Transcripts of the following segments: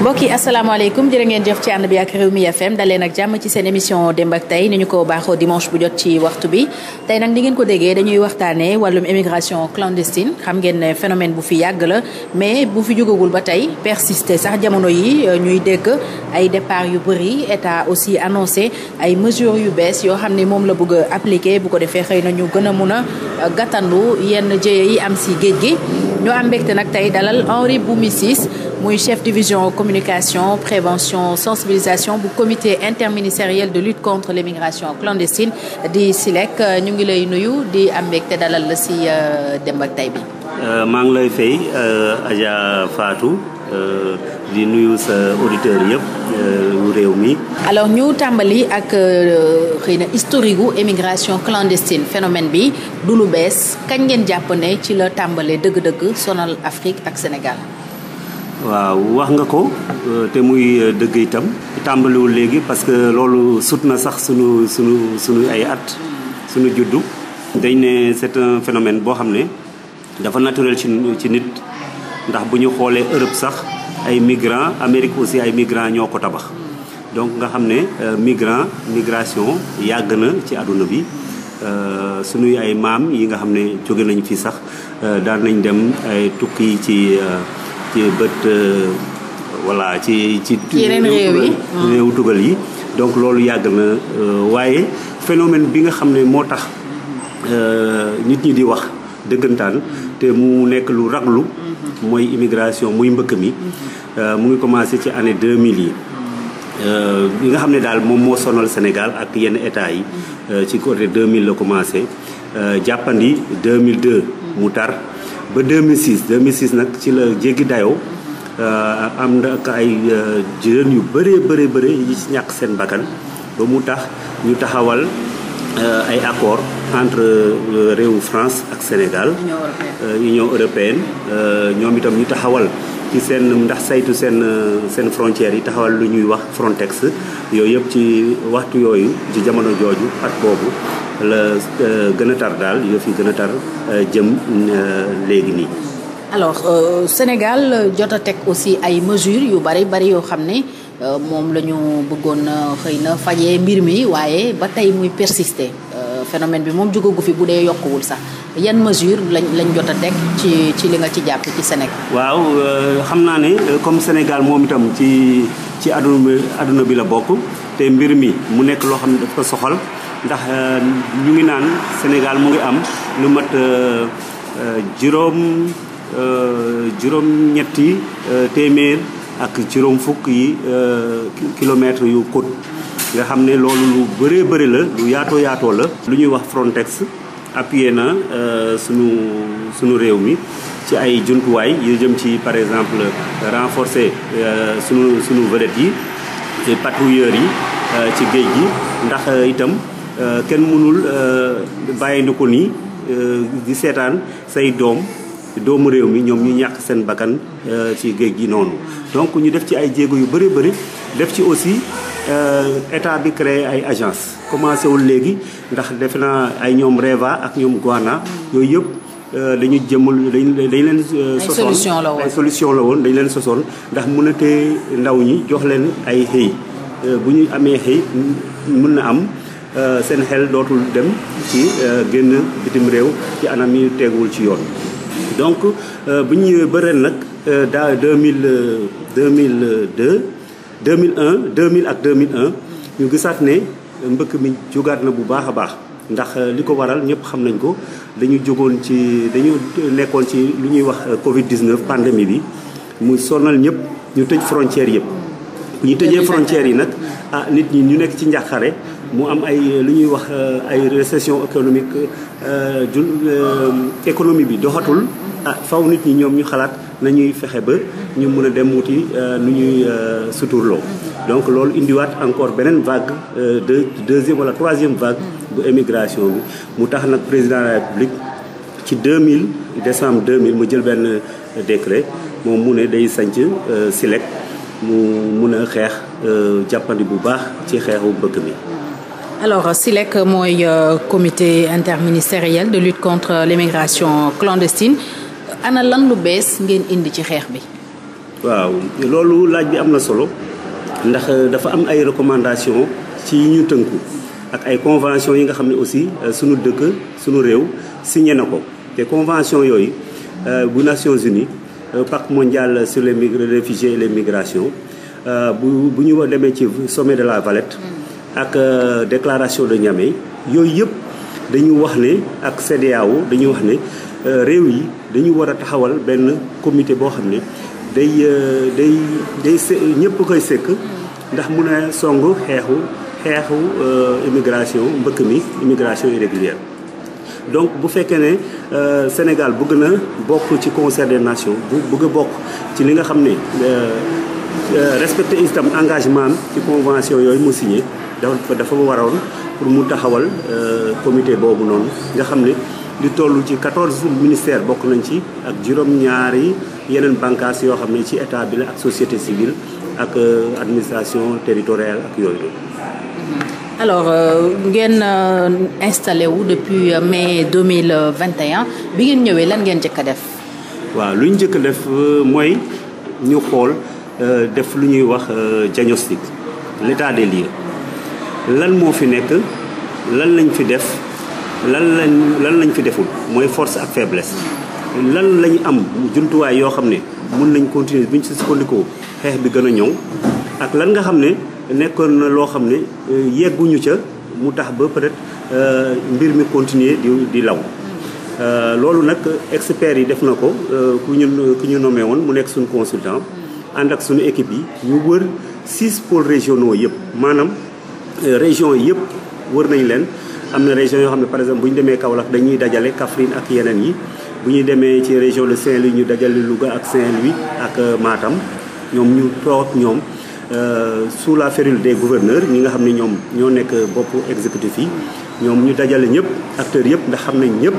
mbokk yi asalaamaaleykum jërë ngeen jëf ci ànd bi ak Rewmi FM daleen ak jàmm ci seen émission démb ak tey ni ñu ko baaxoo dimanche bu jot ci waxtu bi tey nag ni ngeen ko déggee dañuy waxtaanee wàllum émigration clandestine xam ngeen ne phénomène bu fi yàgg la mais bu fi jugagul ba tey persister sax jamono yi euh, ñuy dégg ay départ yu bëri état aussi annoncé ay mesures yu bees yoo xam ne moom la bëgg a appliquer bu ko defee xëy na ñu gën a mun a euh, gàttandu yenn jëye yi am si géej gi ñu am tey dalal Henri Boumy Ciss muy communication prévention sensibilisation bu comité interministériel de lutte contre l'immigration clandestine di SILEC euh, ñu ngi lay nuyu di am mbégte dalal la ci euh, Demb ak Tay bi. Euh, maa ngi lay fay Adja Fatou. di nuyu sa auditeur yëpp yu réew mi. alors ñu tàmbali ak xëy na historique gu émigration clandestine phénomène bi du lu bees kañ ngeen jàpp ne ci la tàmbalee dëgg-dëgg sonal Afrique ak Sénégal. waaw wax nga ko euh, te muy euh, dëgg itam tàmbaliwul léegi parce que loolu sut na sax sunu sunu sunu ay at sunu juddu dañ ne c'est un phénomène boo xam ne dafa naturel ci ci nit ndax bu ñu xoolee Europe sax ay migrants Amérique aussi ay migrants ñoo ko tabax donc nga xam ne euh, migrant migration yàgg na ci àdduna bi sunuy ay maam yi nga xam ne jóge nañ fii sax daal nañ dem ay tukki ci ci bët euh, voilà ci ci. yeneen réew yi réew tugal yi. donc loolu yàgg na euh, waaye phénomène bi nga xam ne moo tax euh, nit ñi di wax dëggantaan te mu nekk lu raglu. mooy immigration muy mbëkk mi. mu ngi commencé ci année 2000 yi. bi nga xam ne daal moom moo sonal Sénégal ak yenn état yi ci côté 2000 la commencé jàppandi 2002 mu tar. ba 2006 2006 nag ci la jéggi dayoo euh, am na ay euh, jeunes yu bëree bëri bëri yi ci ñàkk seen bakkan ba mu tax ñu taxawal euh, ay accord entre réewu France ak Sénégal Union européenne ñoom itam ñu taxawal ci seen ndax saytu seen seen frontières yi taxawal lu ñuy wax Frontex yooyu yëpp ci waxtu yooyu ci jamono jooju at boobu la euh, gën a tar daal yoo fi gën a tar euh, jëm euh, léegi nii. alors euh, Sénégal jot a teg aussi ay mesures yu bari bari yoo xam ne moom lañu ñu bëggoon xëy na fajee mbir mi waaye ba tey muy persister phénomène bi moom jugagu fi bu dee yokkuwul sax yan mesure lañ lañ jot a teg ci ci li nga ci jàpp ci Sénégal. waaw xam naa ne comme Sénégal moom itam ci ci àdduna bi àdduna bi la bokk te mbir mi mu nekk loo xam ne daf ko soxal. ndax euh, ñu ngi naan Sénégal mu ngi am lu mat euh, euh, juróom juróom ñetti téeméer ak juróom fukk yi kilomètres yu côte nga xam ne loolu lu bëree bëri la lu yaatoo yaatoo la lu ñuy wax Frontex appuyé na sunu sunu réew mi ci ay jumtuwaay yu jëm ci par exemple renforcer sunu sunu vedettes yi patrouilleurs yi ci géej gi ndax itam Euh, kenn mënul euh, bàyyi na ko nii euh, di seetaan say doom doomu réew mi ñoom ñu ñàkk seen bakkan ci géej gi noonu donc ñu def ci ay jéego yu bëri bëri def ci aussi état bi créé ay agence commencé wul léegi ndax def naa ay ñoom REVA ak ñoom GOANA yooyu yëpp dañu jëmul dañ dañ leen sosoon ay solution la woon dañu leen sosoon ndax mun na te ndaw ñi jox leen ay xëy bu ñu amee xëy mën na am Euh, seen xel dootul dem ci euh, génn bitim réew ci anam yi teguwul ci yoon donc euh, bu ñu ñëwee ba ren nag daa 2000 2002 2001 2000 ak 2001 ñu gisaat ne mbëkk mi jógaat na bu baax a baax ndax li ko waral ñëpp xam nañ ko dañu jógoon ci dañu nekkoon ci lu ñuy wax Covid 19 pandémie bi mu sonal ñëpp ñu tëj frontières yëpp. ñu tëjee frontières yi nag ah nit ñi ñu nekk ci njàqare mu am ay euh, lu ñuy wax euh, ay récession économique euh, jul économie bi doxatul ah, faw nit ñi ñoom ñu xalaat nañuy fexe ba ñu mën a dem wuti nu ñuy suturloo donc loolu indiwaat encore beneen vague de deuxième wala troisième vague bu émigration bi mu tax nag président de la république ci 2000 décembre mil mu jël benn décret moom mu ne day sanc SILEC mu mun a xeex jàppandi bu baax ci xeexu mbëkk mi alors CILEC mooy euh, comité interministériel de lutte contre l'immigration clandestine ana lan lu bees ngeen indi ci xeex bi. waaw loolu laaj bi am na solo ndax euh, dafa am ay recommandations ci yi ñu tënku ak ay convention yi nga xam ne aussi euh, sunu dëkk sunu réew signé na ko te convention yooyu bu Nations Unies Pacte mondial sur les réfugiés et les migration bu bu ñu demee ci sommet de la Valette. Mm. ak euh, déclaration de Niamey yooyu yëpp dañu wax ne ak CEDEAO dañu wax ne euh, réew yi dañu war a taxawal benn comité boo xam ne day euh, day day ñëpp koy sekk ndax mun a song xeexu xeexu immigration mbëkk mi immigration irrégulière donc bu fekkee ne Sénégal bëgg na bokk ci concert des nations bu bëgg bokk ci li nga xam ne respecté itam engagement ci convention yooyu mu signé dafa dafa waroon pour mu taxawal euh, comité boobu noonu nga xam ne li toll ci 14 ministères bokk nañ ci ak juróom-ñaari yeneen bànqaas yoo xam ne ci état bi la ak société civile ak euh, administration territoriale ak yooyu. Mm-hmm. alors euh, ngeen installé wu depuis mai 2021 bi ngeen ñëwee lan ngeen njëkk a def. waaw lu ñu njëkk def mooy ñu xool def lu ñuy wax diagnostic l'état des lieux. lan moo fi nekk lan lañ fi def lan lañ fi deful mooy force ak faiblesse lan lañu am jumtuwaay yoo xam ne mun nañ continuer bu ñu si sukkandikoo xeex bi gën a ñëw ak lan nga xam ne nekkoon na loo xam ne euh, yegguñu ca mu tax ba peut-être euh, mbir mi continuer di di law euh, loolu nag experts yi def na ko ku ñu ku ñu nommé woon mu nekk suñ consultant ànd ak suñu équipe yi mu wër six pole régionaux yëpp maanaam Euh, région yëpp wër nañ leen am na région yoo xam ne par exemple bu ñu demee Kaolack dañuy dajale Kaffrine ak yeneen yi bu ñuy demee ci région de Saint-Louis ñu dajale Louga ak Saint-Louis ak euh, maatam ñoom ñu toog ñoom euh, su la férule des gouverneurs ñi nga xam ne ñoom ñoo nekk bopp exécutif yi ñoom ñu dajale ñëpp acteurs yëpp ndax xam nañ ñëpp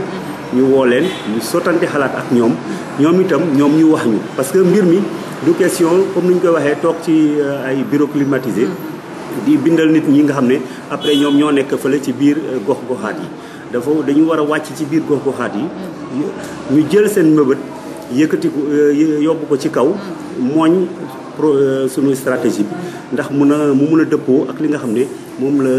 ñu woo leen ñu sottante xalaat ak ñoom ñoom itam ñoom ñu wax ñu parce que mbir mi du question comme ni ñu koy waxee toog ci ay bureau climatisé di bindal nit ñi nga xam ne après ñoom ñoo nekk fële ci biir euh, gox goxaat yi dafa dañu war a wàcc ci biir gox goxaat yi mm. ñu jël seen mëbët yëkkati ko euh, yóbbu ko ci kaw mm. mooñ pro euh, stratégie bi mm. ndax mun a mu mun a dëppoo ak li nga xam ne moom la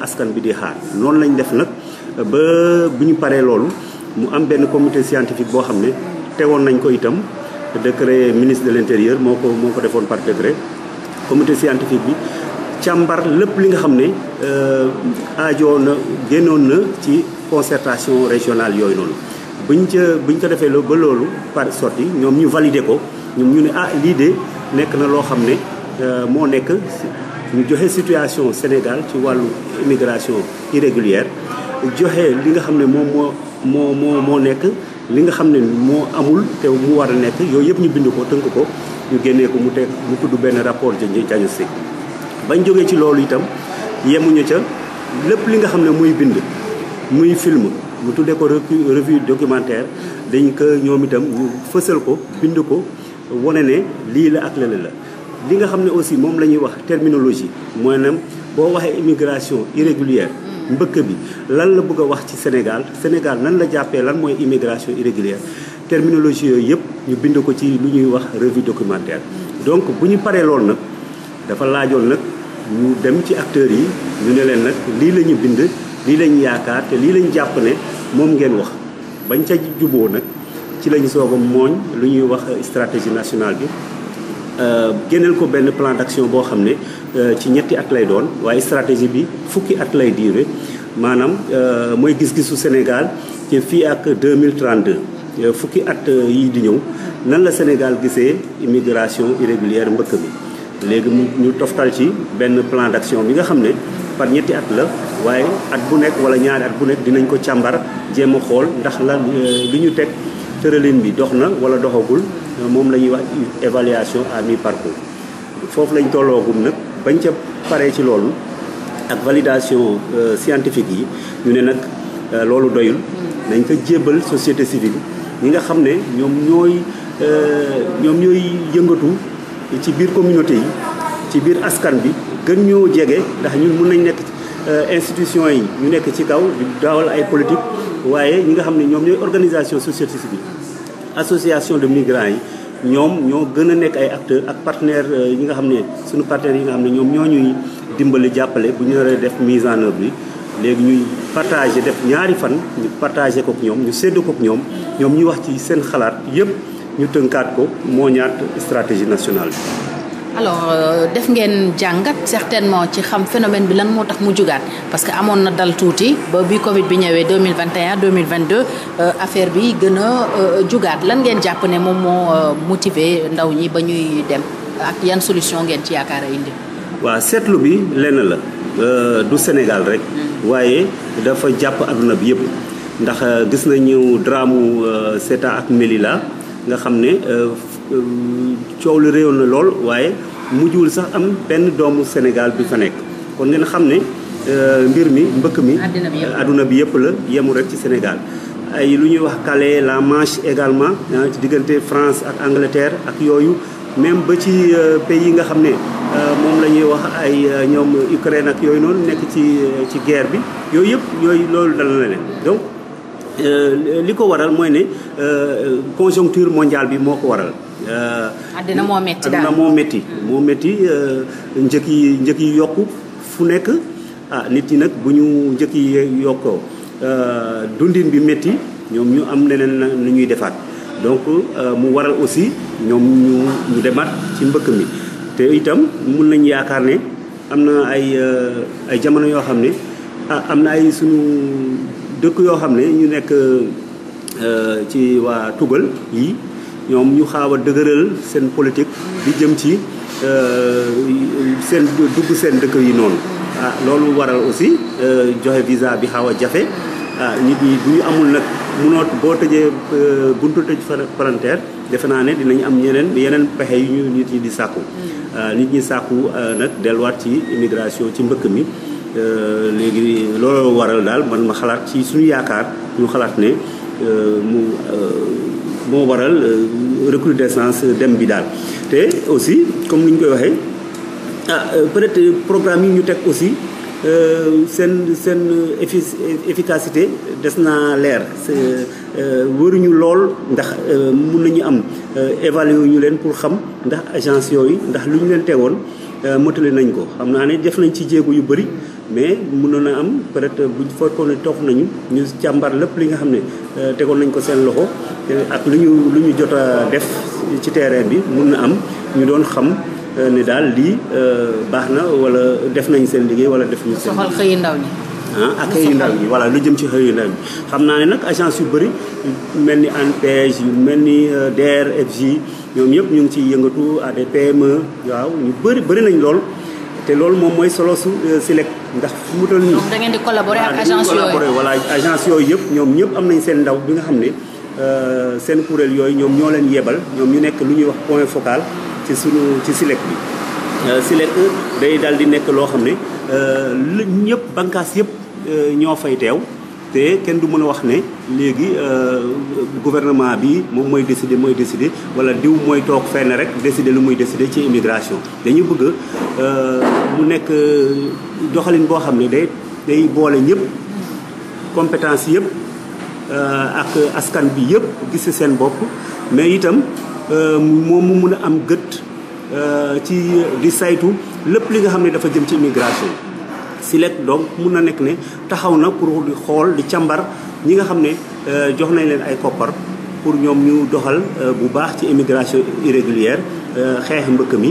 askan bi di xaat noonu lañ def nag ba bu ñu paree loolu mu am benn comité scientifique boo xam ne teewoon nañ ko itam décret ministre de l'intérieur moo ko moo ko defoon par décret comité scientifique bi càmbar lépp li nga xam ne euh, aajoo na génnoon na ci concertation régionale yooyu noonu buñ ca buñ ko defee ba loolu par sorti ñoom ñu valider ko ñoom ñu ne ah lii de nekk na loo xam ne euh, moo nekk ñu joxe situation Sénégal ci wàllu immigration irrégulière joxe li nga xam ne moom moo moo moo nekk li nga xam ne moo amul te mu war a nekk yooyu yëpp ñu bind ko tënk ko ñu génnee ko mu te mu kuddu benn rapport de si bañ jógee ci loolu itam yemuñu ca lépp li nga xam ne muy bind muy film mu tuddee ko revue documentaire dañ ko ñoom itam ñu fësal ko bind ko wane ne lii la ak lële la li nga xam ne aussi moom la ñuy wax terminologie mooy nam boo waxee immigration irrégulière mbëkk bi lan la bëgg a wax ci Sénégal Sénégal nan la jàppee lan mooy immigration irrégulière terminologie yooyu yëpp ñu bind ko ci lu ñuy wax revue documentaire donc bu ñu paree loolu nag dafa laajoon nag ñu dem ci acteurs yi ñu ne leen nag lii la ñu bind lii la ñu yaakaar te lii la jàpp ne moom ngeen wax bañ ca juboo nag ci lañu soog a mooñ lu ñuy wax stratégie nationale bi euh, génneel ko benn plan d'action boo xam ne euh, ci ñetti at lay doon waaye stratégie bi fukki at lay diire maanaam euh, mooy gis-gisu Sénégal ci fii ak 2032 fukki at yi di ñëw nan la Sénégal gisee immigration irrégulière mbëkk bi léegi mu ñu toftal ci benn plan d'action bi nga xam ne par ñetti at la waaye at bu nekk wala ñaari at bu nekk dinañ ko càmbar jéem a xool ndax la euh, li ñu teg tëralin bi dox na wala doxagul euh, moom la ñuy wax évaluation à mi-parcours foofu lañ tolloogum nag bañ ca paree ci loolu ak validation euh, scientifique yi ñu ne nag loolu doyul nañ ko jébbal société civile ñi nga xam ne ñoom ñooy ñoom ñooy yëngatu ci biir communauté yi ci biir askan bi gën ñoo jege ndax ñu mun nañ nekk euh, institution yi ñu nekk ci kaw daawal ay politique waaye ñi nga xam ne ñoom ñooy organisation société civile association de migrants yi ñoom ñoo gën a nekk ay acteurs ak partenaires ñi euh, nga xam ne suñu partenaires yi nga xam ne ñoom ñoo ñuy dimbali jàppale bu ñu waree def mise en œuvre bi léegi ñuy partagé def ñaari fan ñu partagé kook ñoom ñu sédd kook ñoom ñoom ñuy wax ci seen xalaat yëpp ñu tënkaat ko moo ñaat stratégie nationale bi. alors euh, def ngeen jàngat certainement ci xam phénomène bi lan moo tax mu jugaat parce que amoon na dal tuuti ba bi Covid bi ñëwee 2021 2022 euh, affaire bi gën a euh, jugaat lan ngeen jàpp ne moom moo motiver ndaw ñi ba ñuy dem ak yan solution ngeen ci yaakaar a indi. waaw seetlu bi lenn la du Sénégal rek. Hmm. waaye dafa jàpp adduna bi yëpp. ndax gis nañu drame Ceuta ak Melilla. nga xam ne euh, euh, coow li réewoon na lool waaye mujjul sax am benn doomu Sénégal bi fa nekk kon ngeen xam ne euh, mbir mi mbëkk mi adduna bi yëpp la yemul rek ci Sénégal ay lu ñuy wax Calais la Manche également ah, ci diggante France ak Angleterre ak yooyu même ba ci pays yi nga xam ne moom la ñuy wax ay ñoom Ukraine ak yooyu noonu nekk ci ci guerre bi yooyu yëpp yooyu loolu dal na leen Euh, li ko waral mooy ne euh, conjoncture mondiale bi moo ko waral. Euh, àddina moo métti daal àddina moo métti. Mm. moo métti njëkk yi njëkk yi yokku fu nekk ah nit ñi nag bu ñu njëkk yi yokkoo dundin bi métti ñoom ñu am leneen lu ñuy defaat donc mu waral aussi ñoom ñu demaat ci mbëkk mi. te itam mun nañu yaakaar ne am na ay ay jamono yoo xam ne ah, am na ay suñu. dëkk yoo xam ne ñu nekk euh, ci waa tugal yi ñoom ñu xaaw a dëgëral seen politique di jëm ci euh, seen dugg seen dëkk yi noonu ah loolu waral aussi euh, joxe visa bi xaaw a jafe ah, nit ñi bu ñu amul nag munoo boo tëjee buntu tëj frontière defe naa ne dinañ am ñeneen yeneen pexe yu ñu nit ñi di sàkku mm. ah, nit ñi sàkku nag delluwaat ci immigration ci mbëkk mi Euh, léegi looloo waral daal man ma xalaat ci suñu yaakaar ñu xalaat ne euh, mu euh, moo waral recrudescence dem bi daal te aussi comme ni ñu koy waxee ah peut-être programme yi ñu teg aussi seen seen efficacité des naa leer wëruñu lool ndax mun nañu am évaluer ñu leen pour xam ndax agence yooyu ndax lu ñu leen tegoon motali nañ ko xam naa ne def nañ ci jéego yu bëri mais mënoon na am peut bu fekkoon ne toog nañu ñu càmbar lépp li nga xam ne euh, tegoon nañ ko seen loxo ak lu ñu lu ñu jot def ci terrain bi mun na am ñu doon xam euh, ne daal lii euh, baax na wala def nañ seen liggéey wala def ñu seen soxal xëy ah, ndaw ñi voilà lu jëm ci xëyu ndaw ñi xam naa ne nag agence yu bëri mel ni ANPEJ yu mel ni DRFJ ñoom yëpp ñu ngi ciy yëngatu à des waaw ñu bëri bari nañ lool te loolu moom mooy solo su ndax fu mu toll nii. donc ngeen di collaborer ak ah, agence yooyu collaborer agence yooyu yëpp ñoom ñëpp am nañ seen ndaw bi nga xam ne euh, seen kuréel yooyu ñoom ñoo leen yebal ñoom ñu nekk lu ñuy wax point focal ci suñu ci SILEC bi. Euh, SILEC day daal di nekk loo xam ne euh, lu ñëpp bànqaas yëpp ñoo fay deew te kenn du mën a wax ne léegi euh, gouvernement bi moom mooy décider mooy décider wala diw mooy toog fenn rek décider lu muy désidé ci immigration. dañu bëgg euh, mu nekk euh, doxalin boo xam ne day day boole ñëpp compétence yëpp ak askan bi yëpp gis seen bopp mais itam moom mu mun a am gët ci di saytu lépp li nga xam ne dafa jëm ci immigration. SILEC donc mun na nekk ne taxaw na pour di xool di càmbar ñi nga xam ne euh, jox nañ leen ay koppar pour ñoom ñu doxal euh, bu baax ci immigration irrégulière euh, xeex mbëkk mi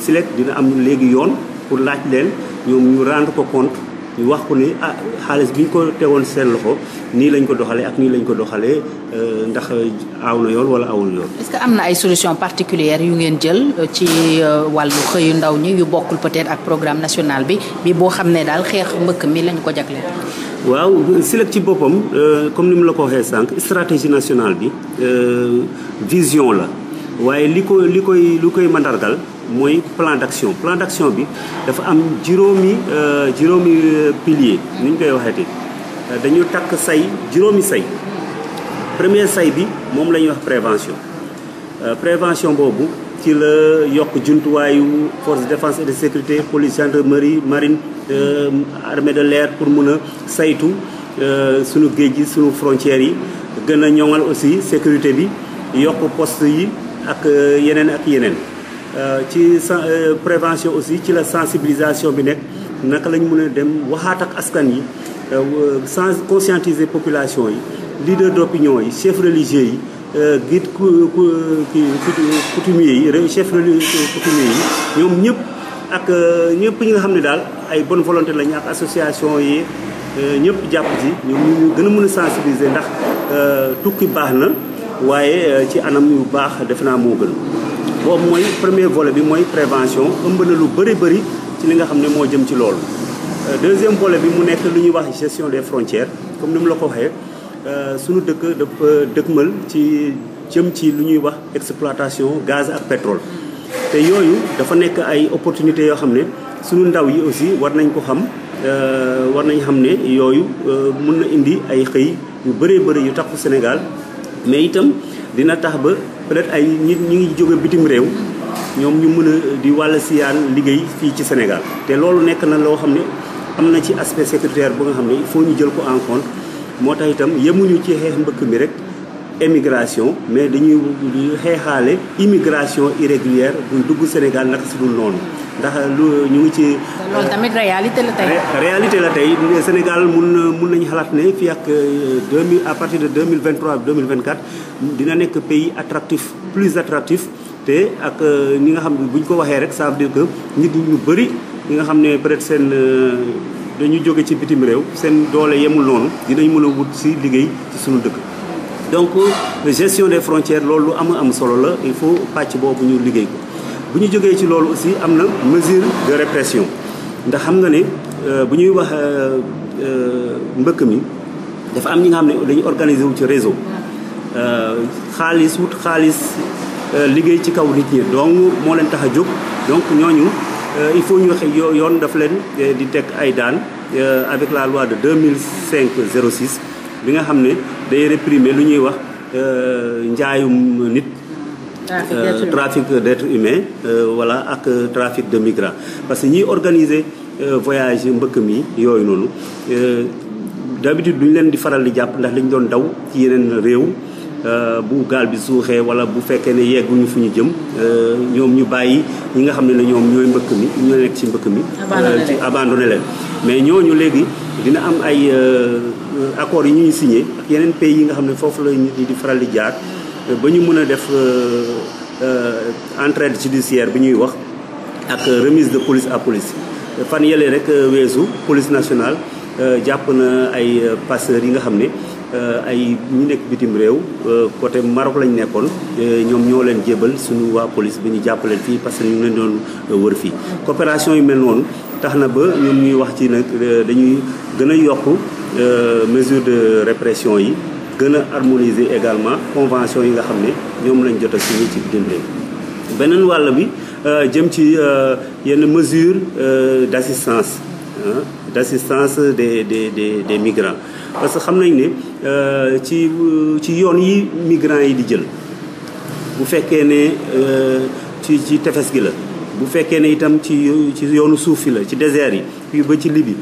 SILEC dina am léegi yoon pour laaj leen ñoom ñu rendre ko compte ñu wax ko ni ah xaalis bi ñu ko teewoon seen loxo nii lañ ko doxale ak nii lañ ko doxalee euh, ndax euh, aw na yoon wala awul yoon. parce que am na ay solution particulière yu ngeen jël euh, ci wàllu xëyu ndaw ñi yu bokkul peut-être ak programme national bi bi boo xam ne daal xeex mbëkk mi lañ ko jagleel. waaw SILEC ci boppam comme ni mu la ko waxee sànq stratégie nationale bi vision la waaye li ko li koy li koy mandargal. mooy plan d'action plan d'action bi dafa am juróomi euh, juróomi euh, pilier nu ñu koy waxeeti euh, dañu takk say juróomi say premier say bi moom la ñuy wax prévention prévention boobu ci la yokk jumtuwaayu force de défense et de sécurité police gendarmerie marine armée de l'air pour mun a saytu sunu géej gi sunu frontières yi gën a ñoŋal aussi sécurité bi yokk post yi ak yeneen ak yeneen Euh, ci san euh, prévention aussi ci la sensibilisation bi nekk naka lañ mën a dem waxaat ak askan yi euh, sans conscientiser population yi leader d'opinion yi chef religieux yi guide coutumier yi chef religieux coutumier yi ñoom ñëpp ak ñëpp ñi nga xam ne daal ay bonne volonté lañu ak association yi ñëpp jàpp ci ñoom ñu gën a mën a sensibiliser ndax tukki baax na waaye ci anam yu baax def naa moo gën boobu mooy premier volet bi mooy prévention ëmb na lu bëri bëri ci li nga xam ne moo jëm ci loolu. Euh, deuxième volet bi mu nekk lu ñuy wax gestion des frontières comme ni mu la ko waxee euh, suñu dëkk dafa dëkkmal ci jëm ci lu ñuy wax exploitation gaz ak pétrole. te yooyu dafa nekk ay opportunité yoo xam ne suñu ndaw yi aussi war nañ ko xam euh, war nañ xam ne yooyu mun na indi ay xëy yu bëree bëri yu taxu Sénégal mais itam dina tax ba. peut ay nit ñi ngi jóge bitim réew ñoom ñu mën a di wàll siyaan liggéey fii ci Sénégal te loolu nekk na loo xam ne am na ci aspect sécuritaire bu nga xam ne il faut ñu jël ko en compte moo tax itam yemuñu ci xeex mbëkk mi rek émigration mais dañuy xeexaale immigration irrégulière buy dugg Sénégal nag si dul noonu ndax lu ñu ngi ci. loolu réalité la tey. réalité la tey Sénégal mun mun nañu xalaat ne fii ak euh, deux mille à partir de deux mille vingt trois deux mille vingt dina nekk pays attractif plus attractif te ak ñi euh, nga xam ne bu ñu ko waxee rek ça veut dire que nit ñu bëri ñi nga xam ne peut être seen. Euh, dañu jóge ci bitim réew seen doole yemul noonu dinañ mën a wut si liggéey ci sunu dëkk donc gestion des frontières loolu lu am am solo la il faut pàcc boobu ñu liggéey ko bu ñu jógee ci loolu aussi am na mesure de répression ndax xam nga ne euh, bu ñuy wax euh, euh, mbëkk mi dafa am ñi nga xam ne dañu organiser wu ci réseau xaalis wut xaalis liggéey ci kaw nit ñi donc moo leen tax a jóg donc ñooñu il faut ñu waxe yoon daf leen di teg ay daan avec la loi de cinq 2005 06 bi nga xam ne day réprimer lu ñuy wax euh, njaayum nit. trafic euh, d'êtres humains euh, voilà ak trafic de migrants parce que ñiy organiser voyage mbëkk mi yooyu noonu d'habitude duñ leen di faral di jàpp ndax dañ doon daw ci yeneen réew. Euh, bu gaal bi suuxee wala bu fekkee ne yegguñu fu ñu jëm euh, ñoom ñu bàyyi ñi nga xam ne ne ñoom ñooy mbëkk mi ñoo nekk ci mbëkk mi euh, ci abandonné mais ñooñu léegi dina am ay accords yi ñu signé ak yeneen pays yi nga xam ne foofu la nit yi di faral di jaar ba ñu mën a def entraide judiciaire bi ñuy wax ak remise de police à police fan yële rek weesu police nationale jàpp na ay passeurs yi nga xam ne Euh, ay ñu nekk bitim réew euh, côté Maroc lañ nekkoon euh, ñoom ñoo leen jébal suñu waa police bi ñu jàppaleen fii parce que ñu ne doon wër fii coopération yu mel noonu tax na ba ñoom ñuy wax ci nag dañuy gën a yokk mesure de répression yi gën a harmoniser également convention yi nga xam ne ñoom lañ jot a ci bitim réew beneen wàll bi jëm ci yenn mesure d'assistance Euh, d'assistance des des des des migrants parce que xam nañ ne euh, ci ci yoon yi migrants yi di jël bu fekkee ne euh, ci ci tefes gi la bu fekkee ne itam ci ci yoonu suuf fi la ci désert yi puis ba ci Libye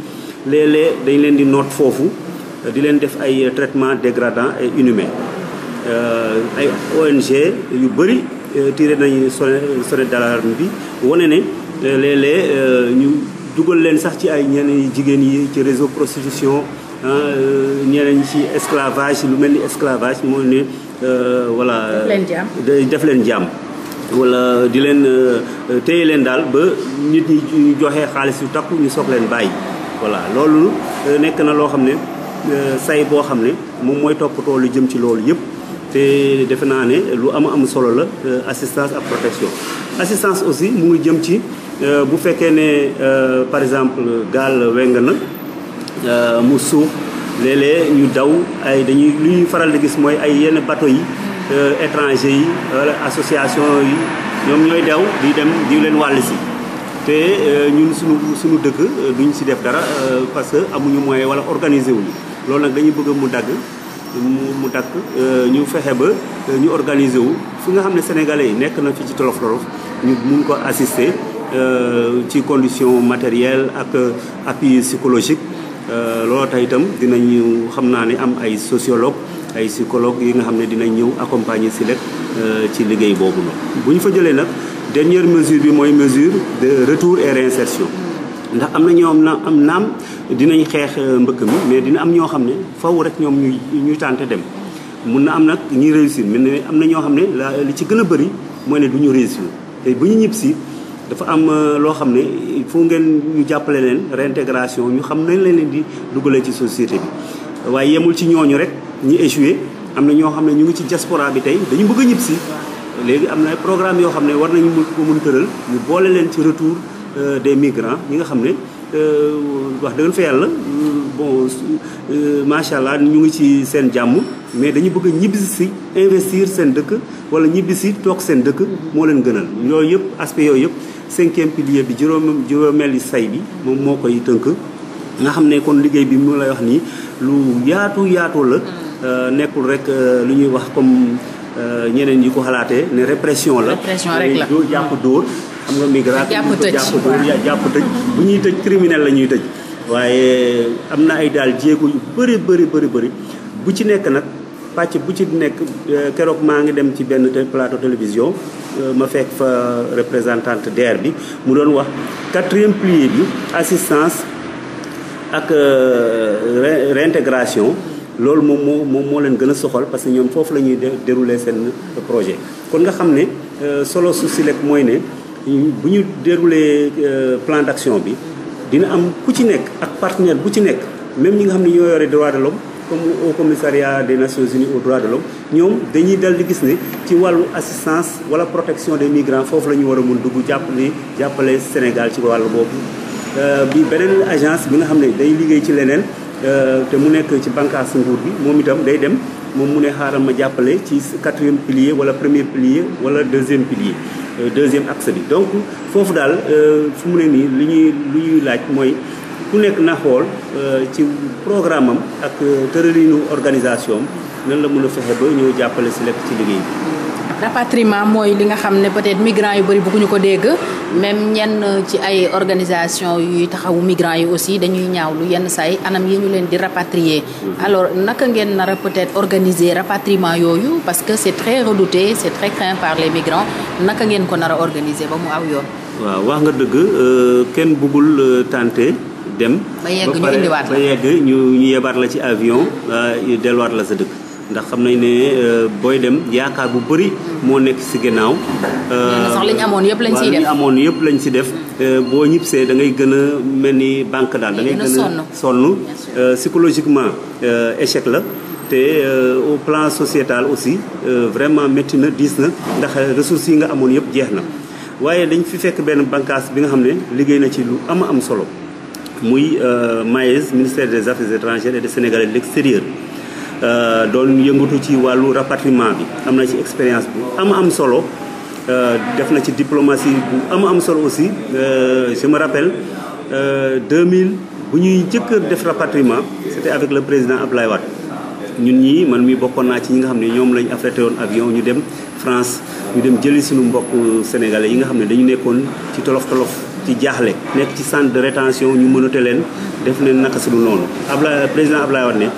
léeg dañ leen di noot foofu di leen def ay traitement dégradant et ay ONG yu bëri tiré nañu sonnette d'alarme bi wane ne léeg ñu dugal leen sax ci ay ñeneen jigéen yi ci réseau prostitution euh, ñeneen ci esclavage lu mel ni esclavage mooy ne euh, voilà def leen jàmm wala di leen euh, téye leen daal ba nit ñi ñu joxe xaalis yu takku ñu soog leen bàyyi voilà loolu nekk na loo xam ne say boo xam ne moom mooy toppatoo lu jëm ci loolu yëpp te defe naa ne lu am am solo la assistance ak protection assistance aussi mu ngi jëm ci Euh, bu fekkee ne euh, par exemple gaal weng na euh, mu suuf léeg ñu daw ay dañuy lu ñuy faral di gis mooy ay yenn bateau yi étranger yi wala association yi ñoom ñooy daw di dem di leen wàll si te ñun suñu suñu dëkk duñ si def dara parce que amuñu moyen wala organiser wuñu loolu nag dañuy bëgg mu dagg mu dakk ñu fexe ba ñu organiser wu fi nga xam ne sénégalais yi nekk na fi ci tolof tolof ñu mun ko assister Euh, ci condition matérielle ak euh, appui psychologique euh, looloo tax itam ñu xam naa ni am ay sociologue ay psychologue yi nga xam ne dinañ ñëw accompagner si rek ci liggéey boobu noonu. bu ñu fa jëlee nag dernière mesure bi mooy mesure de retour et réinsertion ndax am na ñoom na am naam dinañ xeex mbëkk mi mais dina am ñoo xam ne faw rek ñoom ñuy ñuy tànte dem mun na am nag ñuy réussir mais am na ñoo xam ne la li ci gën a bëri mooy ne du ñu réussir te bu ñu ñibbisi dafa am euh, loo xam ne il faut ngeen ñu jàppale leen réintégration ñu xam nañ leen leen di dugalee ci société bi waaye yemul ci ñooñu rek ñi échoué am na ñoo xam ne ñu ngi ci diaspora bi tey dañu bëgg a ñibb si léegi am na programme yoo xam ne war nañu ko mun tëral boole leen ci retour euh, des migrants ñi nga xam ne euh, wax dëgg fa yàlla bon macha allah ñu ngi ci seen jàmm mais dañu bëgg a ñibbisi si investir seen dëkk wala ñibbisi toog seen dëkk moo leen gënal yooyu yëpp aspect yooyu yëpp cinquième pilier bi juróom juróomeeli say bi moom moo koy tënk nga xam ne kon liggéey bi mu lay wax nii lu yaatu yaatoo la mm. euh, nekkul rek euh, lu ñuy wax comme euh, ñeneen yi ko xalaatee ne répression la répression rek la jàpp mm. dóor xam nga migrant jàpp tëj jàpp tëj mm. bu ñuy tëj criminel la ñuy tëj waaye am na ay daal jéego yu bëri bëri bëri bëri bu ci nekk nag pàcc bu ci nekk euh, keroog maa ngi dem ci benn plateau télévision euh, ma fekk fa représentante DER bi mu doon wax quatre quatrième pilier bi assistance ak euh, réintégration loolu moom moo moom moo leen gën a soxal parce que ñoom foofu la ñuy dérouler seen projet kon nga xam ne solo su silek mooy ne bu ñu dérouler plan d'action bi dina am ku ci nekk ak partenaire bu ci nekk même ñi nga xam ne ñoo yore droit de l'homme comme au commissariat des nations unies aux droits de l'homme ñoom dañuy dal di gis ne ci wàllu assistance wala protection de migrants foofu la ñu war a mun dugg jàppale jàppale Sénégal ci wàllu boobu euh, bi beneen agence bi nga xam ne day liggéey ci leneen euh, te mu nekk ci bànqaasu nguur bi moom itam day dem moom mu ne xaaral ma jàppale ci quatrième pilier wala premier pilier wala deuxième pilier euh, deuxième axe bi donc foofu daal fu mu ne nii li ñuy lu ñuy laaj mooy ku nekk na xool euh, ci programme am ak euh, tëralinu organisation am nan la mën a fexe ba ñëw jàppale si lépp ci liggéey bi. rapatriement mooy li nga xam ne peut-être migrants yu bëri bëgguñu ko dégg même ñenn ci ay organisation yuy taxawu migrants yi aussi dañuy ñaaw ñaawlu yenn saay anam yi ñu leen di rapatrier mm-hmm. alors naka ngeen nar a peut-être organiser rapatriement yooyu parce que c'est très redouté c'est très craint par les migrants naka ngeen ko nar a organiser ba mu aw yoon wax nga dëgg euh, kenn bëggul tenter dem. ba yegg ñu indiwaat ba yegg ñu ñu yebaat la ci avion delluwaat la sa dëkk. ndax xam nañ ne euh, booy dem yaakaar bu bëri moo nekk si ginnaaw. sax euh, amoon yëpp lañ siy def amoon yëpp lañ si def. Euh, boo ñibsee da ngay gën a mel ni banque daal dangay ngay gën a sonn psychologiquement échec la. te au plan sociétal aussi vraiment metti na diis na ndax ressources yi nga amoon yëpp jeex na waaye dañ fi fekk benn bànqaas bi nga xam ne liggéey na ci lu am am solo. muy euh, MAES ministère des affaires étrangères et des Sénégalais de l'extérieur euh, doon yëngatu ci wàllu rapatriement bi am na ci expérience bu am am solo euh, def na ci diplomatie bu am am solo aussi je me rappelle 2000 bu ñuy jëkk def rapatriement c'était avec le président Abdoulaye Wade ñun ñii man mi bokkoon naa ci ñi nga xam ne ñoom lañu affrété woon avion ñu dem France ñu dem jëli suñu mbokk sénégalais yi nga xam ne dañu nekkoon ci tolof tolof ci jaaxle nekk ci sant de rétention ñu mënate leen def leen naka su dul noonu Ablaye président Ablaye Wade ne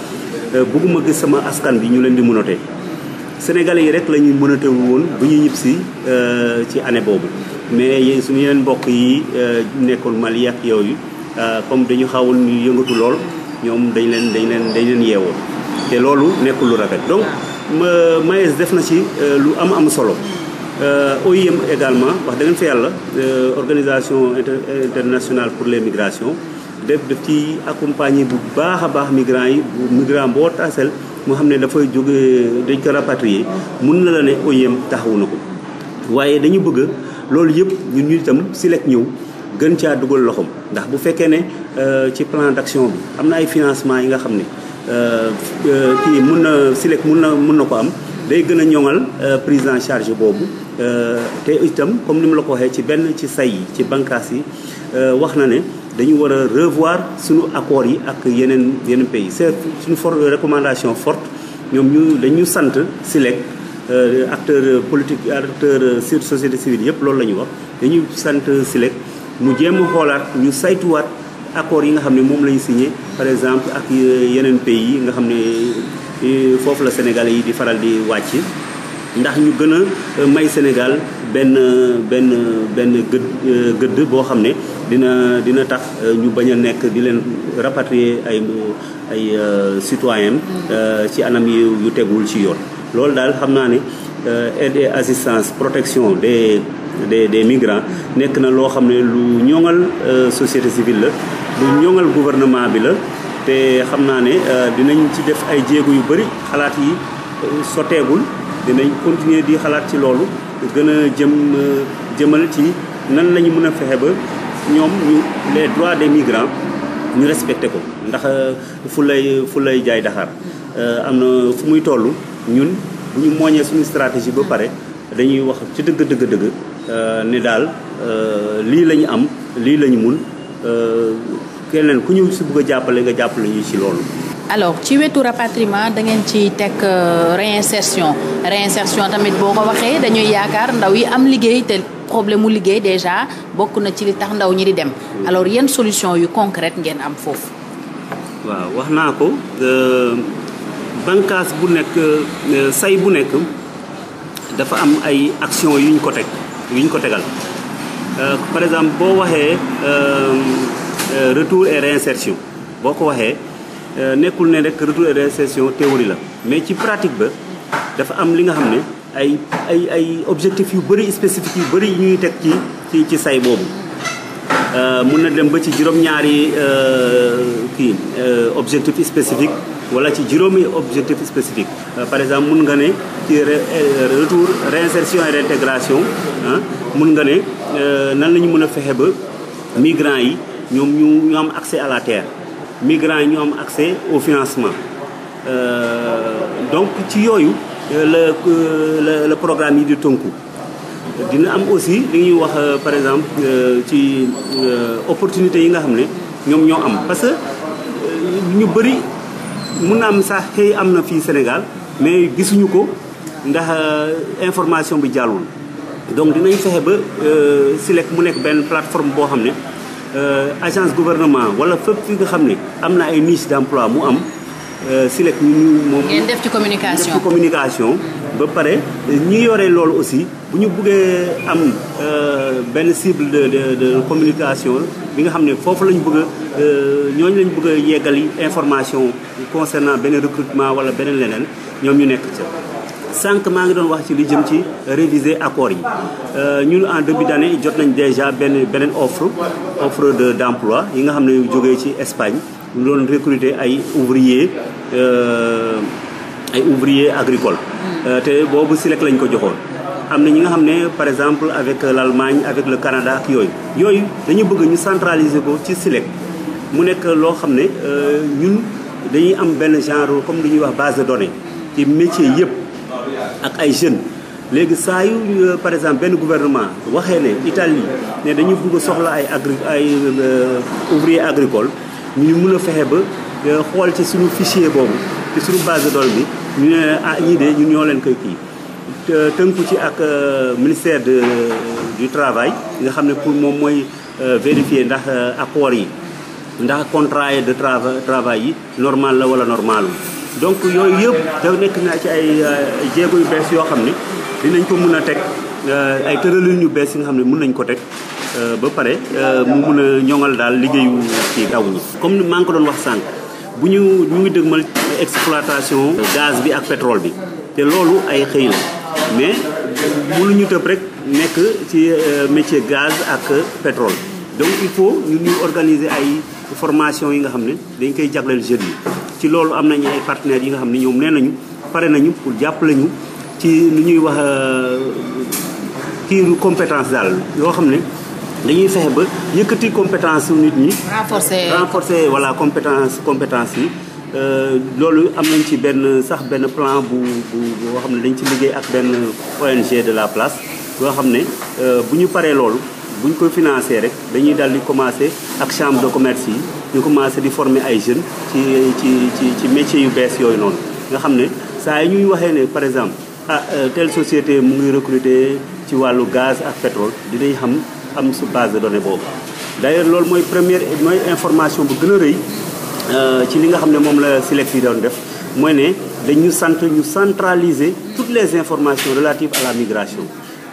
euh, bëgguma gis sama askan bi ñu leen di mënate sénégal yi rek la ñuy mënate woon bu ñu ñib si euh, ci année boobu mais yéen suñu yeneen mbokk yi euh, nekkoon Mali ak yooyu comme dañu xawoon nu yëngatu lool ñoom dañ leen dañ leen dañ leen yeewoon te loolu nekkul lu rafet donc Maes def na ci lu am am solo Euh, OIM également wax da ngeen fa yàlla euh, organisation internationale pour les migrations def daf ci accompagner bu baax a baax migrants yi bu migrant boo taasel moo xam ne dafay jógee dañ ko rapatrier mun na la ne OIM taxawu ko waaye dañu bëgg loolu yëpp ñun ñu itam si lekk ñëw gën caa dugal loxoom ndax bu fekkee ne euh, ci plan d'action bi am na ay financement yi nga xam ne kii mun na silek mun na mun na ko am day gën a ñoŋal prise en charge boobu Euh, te itam comme ni mu la ko waxee ci benn ci say yi ci banquas yi euh, wax na ne dañu war a revoir suñu accords yi ak yeneen yeneen pays c'est suñu for recommandation fort ñoom ñu dañu sant SELEC euh, acteur politique acteur sur société civile yëpp loolu la ñu wax dañu sant SELEC mu jéem a xoolaat ñu saytuwaat accords yi nga xam ne moom la ñu signé par exemple ak yeneen pays yi nga xam ne foofu la Sénégalais yi di faral di wàcc ndax ñu gën a euh, may Sénégal benn benn benn gëdd euh, gëdd boo xam ne dina dina tax euh, ñu bañ a nekk di leen rapatrier ay ay citoyen ci anam yu tegul ci yoon loolu daal xam naa ne aide et assistance protection des des des migrants nekk na loo xam ne lu ñoŋal société civile la lu ñoŋal gouvernement bi la te xam naa ne dinañ ci def ay jéego yu bëri xalaat yi sotteegul dinañ continuer di xalaat ci loolu gën a jëm jëmal ci nan la ñu mën a fexe ba ñoom ñu les droits des migrants ñu respecté ko ndax euh, fu lay fu lay jaay daxaar euh, am na fu muy toll ñun bu ñu mooñee suñu stratégie ba pare dañuy wax ci dëgg dëgg dëgg euh, ne daal lii la ñu am lii la ñu mun keneen ku ñëw si bëgg a jàppale nga jàppale ñu ci loolu alors ci wetu rapatriement da ngeen ci teg euh, réinsertion réinsertion tamit boo ko waxee dañuy yaakaar ndaw yi am liggéey te problème mu liggéey déjà bokk na ci li tax ndaw ñi di dem alors yan solution yu concrète ngeen am foofu waaw wax naa ko euh, bànqaas bu nekk euh, say bu nekk dafa am ay action yuñ ko teg yuñ ko tegal par exemple boo waxee retour et réinsertion boo ko waxee Euh, nekkul ne rek retour et récession théorie la mais ci pratique ba dafa am li nga xam ne ay ay ay objectifs yu bëri spécifiques yu bëri ñuy teg ci ci ci say boobu euh, mun na dem ba ci juróom-ñaari euh, kii objectif spécifique wala ci juróomi objectif spécifique par exemple mun nga ne ci retour réinsertion et réintégration mun nga ne nan lañu mun a fexe ba migrants yi ñoom ñu am accès à la terre migrants yi ñu am accès au financement euh, donc ci yooyu la euh, la euh, programme yi di tënku dina am aussi li wax par exemple ci opportunité yi nga xam ne ñoom ñoo am parce que ñu bëri mun na am sax xëy am na fii Sénégal mais gisuñu ko ndax information bi jàllul donc dinañ fexe ba si SILEC mu nekk benn plateforme boo xam ne Euh, agence gouvernement wala fépp fi nga xam ne am na ay niche d' mu am euh, SILEC ñu ñu moom. ngeen def ci communication communication. ba pare ñi yore loolu aussi bu ñu buggee am euh, benn cible de de de communication bi nga xam ne foofu lañ bëgg a ñooñu lañ bëgg a yeggali information concernant benn recrutement wala beneen leneen ñoom ñu nekk ca. sànq maa ngi doon wax ci li jëm ci réviser accords yi euh, ñun en début d'année jot nañ déjà benn beneen offre offre de d'emploi yi nga xam ne yu jógee ci Espagne ñu doon recruter ay ouvrier euh, ay ouvrier agricole hmm. euh, te boobu si rek lañ ko joxoon am na ñi nga xam ne par exemple avec l'Allemagne avec le Canada ak yooyu yooyu dañu bëgg ñu centraliser ko ci SILEC mu nekk loo xam ne ñun dañuy am benn genre comme lu ñuy wax base de données ci métier yëpp ak ay jeunes léegi saa yu euh, par exemple benn gouvernement waxee ne Italie ne dañu bugg soxla ay agri ay euh, ouvrier agricole ñu mun a fexe ba euh, xool ci suñu fichier boobu ci suñu base de données bi ñu ne ah ñii de ñu ñoo leen koy kii tënku ci ak ministère de du travail nga xam ne pour moom mooy vérifier ndax accords yi ndax contrat de travail yi normal la wala normalul donc yooyu yëpp da nekk naa ci ay jéego yu bees yoo xam ne dinañ ko mun a teg euh, ay tëralin yu bees yi nga xam ne mun nañ ko teg euh, ba pare euh, mu mun a ñoŋal daal liggéeyu ci daw ñi comme ni maa ngi ko doon wax sànq bu ñu ñu ngi ma exploitation gaz bi ak pétrole bi te loolu ay xëy la mais ñu tëb rek nekk ci métier gaz ak pétrole donc il faut ñu ñuy organiser ay formation yi nga xam ne dañ koy jagleel jeunes yi ci loolu am nañu ay partenaires yi nga xam ne ñoom nee nañu pare nañu pour jàpp ñu ci lu ñuy wax euh, kii compétence daal yoo xam ne dañuy fexe ba yëkkati compétence su nit ñi. renforcer renforcer voilà compétence compétence yi. Euh, loolu am nañ ci benn sax benn plan bu bu boo xam ne dañ ci liggéey ak benn ONG de la place yoo xam ne euh, bu ñu paree loolu. bu ñu ko financé rek dañuy dal di commencé ak chambre de commerce yi ñu commencé di forme ay jeunes ci ci ci ci métiers yu bees yooyu noonu nga xam ne saa yi ñuy waxee ne par exemple ah euh, telle société mu ngi recruter ci wàllu gaz ak pétrole dinañ xam am su base de données boobu d'ailleurs loolu mooy première mooy information bu gën a rëy euh, ci li nga xam ne moom la SILEX yi doon def mooy ne dañu sant ñu centraliser toutes les informations relatives à la migration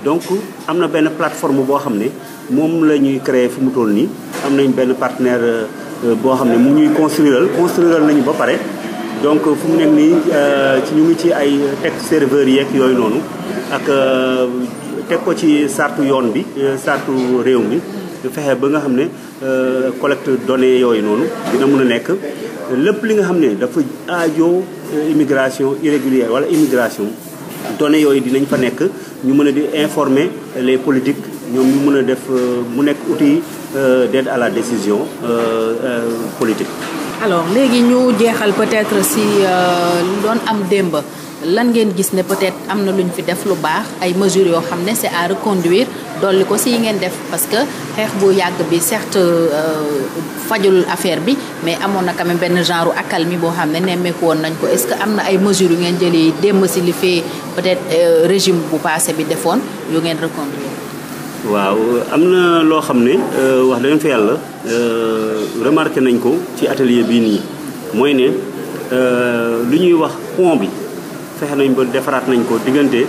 donc am na benn plateforme boo xam ne moom la ñuy créer fu mu toll nii am nañ benn partenaire euh, boo xam ne mu ñuy construiral construiral nañu ba pare donc fu mu nekk nii euh, ci ñu ngi ci ay teg serveurs yeeg yooyu noonu ak euh, teg ko ci sartu yoon bi sartu réew mi fexe ba nga xam ne collecte données yooyu noonu dina mun a nekk lépp li nga xam ne dafa aajo immigration irrégulière wala immigration données yooyu dinañ fa nekk ñu mën a di informer les politiques ñoom ñu mën a def euh, mu nekk outil euh, d'aide à la décision euh, politique. alors léegi ñu jeexal peut si lu doon am démb lan ngeen gis ne peut-être am na lu ñu fi def lu baax ay mesures yoo xam ne c'est à reconduire dolli ko si ngeen def que xeex bu yàgg bi certes fajul affaire bi mais amoon na quand benn genre accalmie boo xam ne nemmeeku woon nañ ko est-ce que am na ay mesures yu ngeen jëlee démb si li fi peut-être régime bu passé bi defoon yu ngeen reconduire. waaw am na loo xam ne euh, wax dëgg fa yàlla euh, remarqué nañ ko ci atelier bii nii mooy ne euh, lu ñuy wax pon bi fexe nañ ba defaraat nañ ko diggante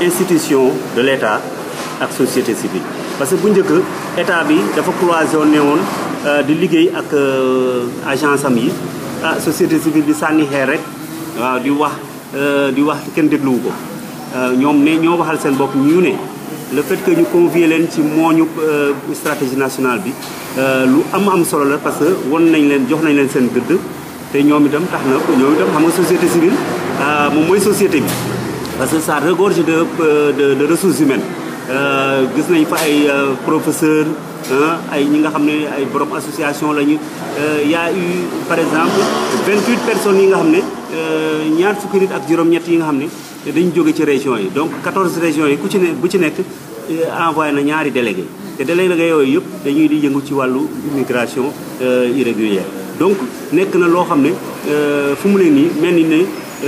institution de l'état ak société civile. parce que bu njëkk état bi dafa cloisonné woon di liggéey ak agence am yi ah société civile di sànni xeer rek waaw di wax di wax kenn dégluwu ko ñoom ne ñoo waxal seen bokk ñu ne. le fait ñu convier leen ci mooñu euh, stratégie nationale bi euh, lu am am solo la parce que won nañ leen jox nañ leen seen gëdd te ñoom itam tax na ñoom itam xam nga société civile euh, moom mooy société bi parce que ça regorge de de de ressources humaines gis nañ fa ay professeurs Euh, ay ñi nga xam ne ay borom association lañu euh, y a eu par exemple 28 personnes yi nga xam ne euh, ñaar fukki nit ak juróom-ñett yi nga xam ne dañu jóge ci région yi donc 14 région yi ku ci bu ci nekk envoyé na ñaari délégué te délégué yooyu yëpp dañuy di yëngu ci wàllu immigration irrégulière donc nekk na loo xam ne fu mu ne nii mel ni ne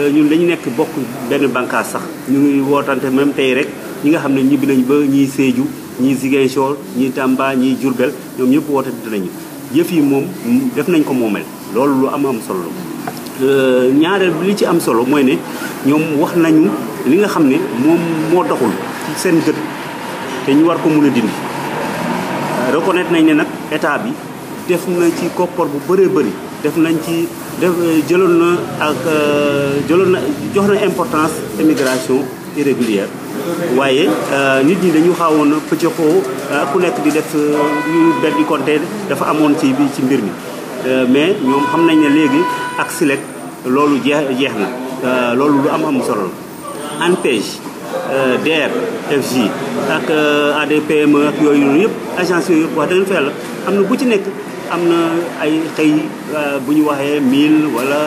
ñun dañu nekk bokk benn bànqaas sax ñu ngi wootante même tey rek ñi nga xam ne ñibbi nañ ba ñiy seeju ñii Ziguinchor ñii Tamba ñii Diourbel ñoom ñëpp woote dinañu yëf yi moom def nañ ko moomel loolu lu am am solo euh, ñaareel bi li ci am solo mooy ne ñoom wax nañu li nga xam ne moom moo doxul ci seen gët te ñu war ko mun a dindi reconnaître nañ ne nag état bi def na ci koppar bu bëree bëri def nañ ci def jëloon na ak euh, jëloon na jox na importance immigration irrégulière waaye euh, nit ñi dañu xawoon pëccëxoo euh, ku nekk di def euh, ñu benn di dafa amoon ci bi ci mbir mi mais ñoom xam nañ ne léegi ak SILEC loolu jeex jeex na loolu lu am am solo la ANPEJ DER FJ ak ADPME ak yooyu noonu yëpp agence yooyu yëpp wax dëgg fa yàlla am na bu ci nekk am na ay xëy bu ñu waxee 1000 wala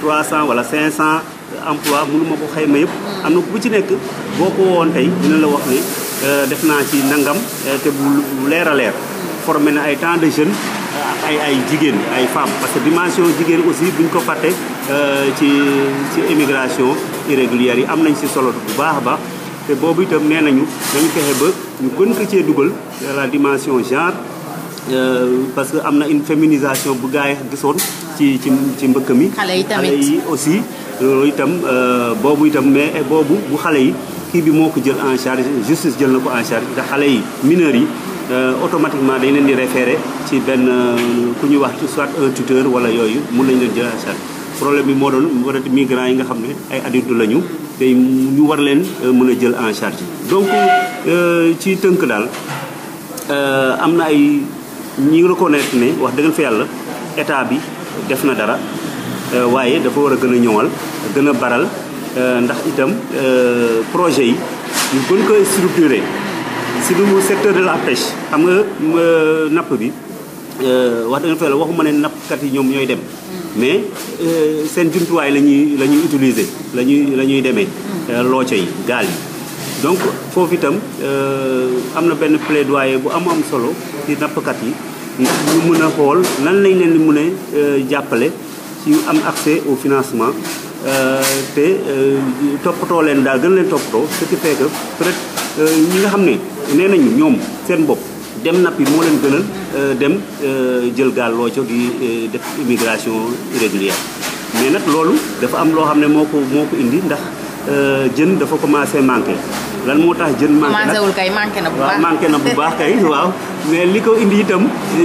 300 wala 500. emploi mënu ma ko ma yëpp am na bu ci nekk boo ko woon tey dina la wax ni euh, def naa ci nangam euh, te bu leer a leer formé na ay temps de jeunes euh, ay ay jigéen ay femmes parce que dimension jigéen aussi buñ ko fàtte ci ci immigration irrégulière yi am nañ si solo bu baax a baax te boobu itam nee nañu dañu fexe ba ñu gën ko cee dugal la dimension genre parce que am na une féminisation bu gaay gisoon ci ci ci mbëkk mi xale yi aussi loolu itam euh, boobu itam mais eh, boobu bu xale yi kii bi moo ko jël en charge justice jël na ko en charge ndax xale yi mineurs yi euh, automatiquement dañ leen di référé ci benn euh, ku ñuy wax ci soit un tuteur wala yooyu mun nañ leen jël en problème bi moo doon war migrants yi nga xam ne ay adultes lañu te ñu war leen mën a jël en charge donc ci tënk daal am na ay ñi reconnaître ne wax dëgg fi yàlla état bi def na dara Euh, waaye dafa war a gën a ñëwal gën a baral euh, ndax itam euh, projet yi ñu gën koy structuré si lu secteur de la pêche am nga napp bi wax dëgg fa la waxuma ne nappkat yi ñoom ñooy dem mais seen jumtuwaay la ñuy la ñuy utiliser la ñuy la ñuy demee looco yi gaal yi donc foofu itam am na benn plaidoyer bu am am solo ci nappkat yi ñu mën a xool nan lañ leen mën a jàppale ci am accès au financement euh, te euh, toppatoo leen daal gën leen toppatoo ce qui que euh, ñi nga xam ne nee nañu ñoom seen bopp dem nappi moo leen gënal dem jël gaal looco di def immigration irrégulière mais nag loolu dafa am loo xam ne moo ko moo ko indi ndax jën dafa commencé manqué lan moo tax jën manqué na bu baax manqué na bu baax kay waaw mais li ko indi itam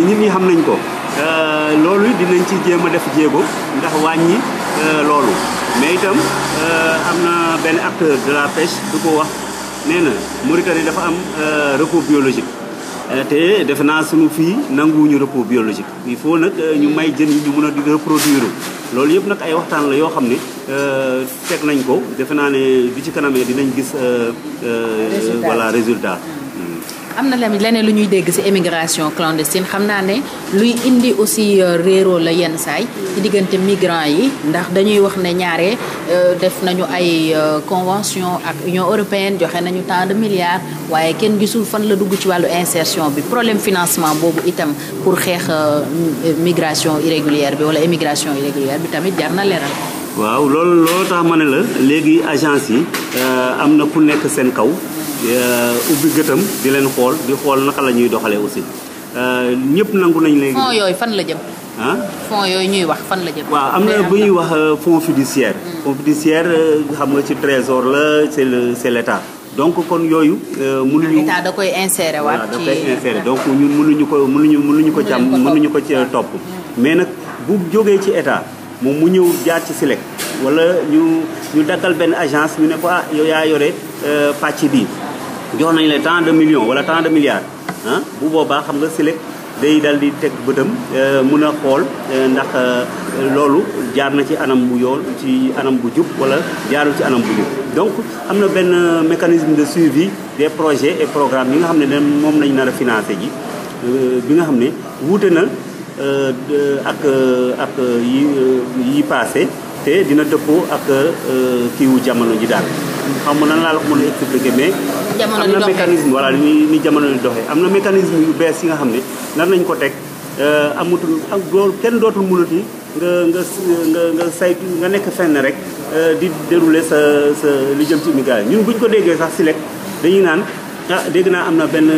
ñun ñi xam nañ ko Euh, loolu dinañ ci jéem a def jéego ndax wàññi euh, loolu mais itam euh, am na benn acteur de la pêche du ko wax nee na Mauritanie dafa am recours biologique te defe naa suñu fii nanguwuñu recours biologique il faut nag ñu may jën yi ñu mun a di reproduire loolu yëpp nag ay waxtaan la yoo xam ne teg nañ ko defe naa ne bi ci kanamee dinañ gis voilà résultat am na tamit leneen lu ñuy dégg ci émigration clandestine xam naa ne luy indi aussi euh, réeroo la yenn saay ci diggante migrants yi ndax dañuy wax ne ñaare euh, def nañu ay euh, convention ak Union européenne joxe nañu tant de milliards waaye kenn gisul fan la dugg ci wàllu insertion bi problème financement boobu itam pour xeex migration irrégulière bi walla émigration irrégulière bi tamit jar na leeral. waaw loolu loolu tax ma ne la léegi agence yi am na ku nekk seen kaw. Euh, ubbi gëtam di leen xool di xool naka la ñuy doxalee aussi euh, ñëpp nangu nañ léegi. fonds yooyu fan la jëm. ah fonds yooyu ñuy wax fan la jëm. waaw am na bu ñuy wax euh, fonds fiduciaire. Mm. fonds fiduciaire xam nga ci trésor la c'est le c'est l'État. donc kon yooyu. mënuñu état da koy insérer waat ci da koy insérer donc ñun mënuñu ko mënuñu mënuñu ko jàmm mënuñu ko ci topp. mais nag bu jógee ci état moom mu ñëw jaar ci SILEC wala ñu ñu daggal benn agence ñu ne ko ah yaa yore pàcc bi. jox nañu la tant de million wala tant de milliards ah bu boobaa xam nga SELEC day dal di teg bëtam euh, mën a xool euh, ndax euh, loolu jaar na ci anam bu yoon ci anam bu jub wala jaarul ci anam bu jub donc am na benn mécanisme de suivi des projet et programme bi nga xam ne da moom lañ nar a financé ji bi nga xam ne wuute na ak ak yi yi passé te dina dëppoo ak euh, kiiwu jamono ji daal xam nga nan laa la ko mën a expliquer mais am na mécanisme voilà ni ni jamono di doxee am na mécanisme yu bees yi nga xam ne nar nañ ko teg euh, amatul ak loolu kenn dootul mënati nga nga nga nga saytu nga nekk fenn rek euh, di dérouler sa sa li jëm ci immigration ko déggee sax si dañuy naan ah dégg am na benn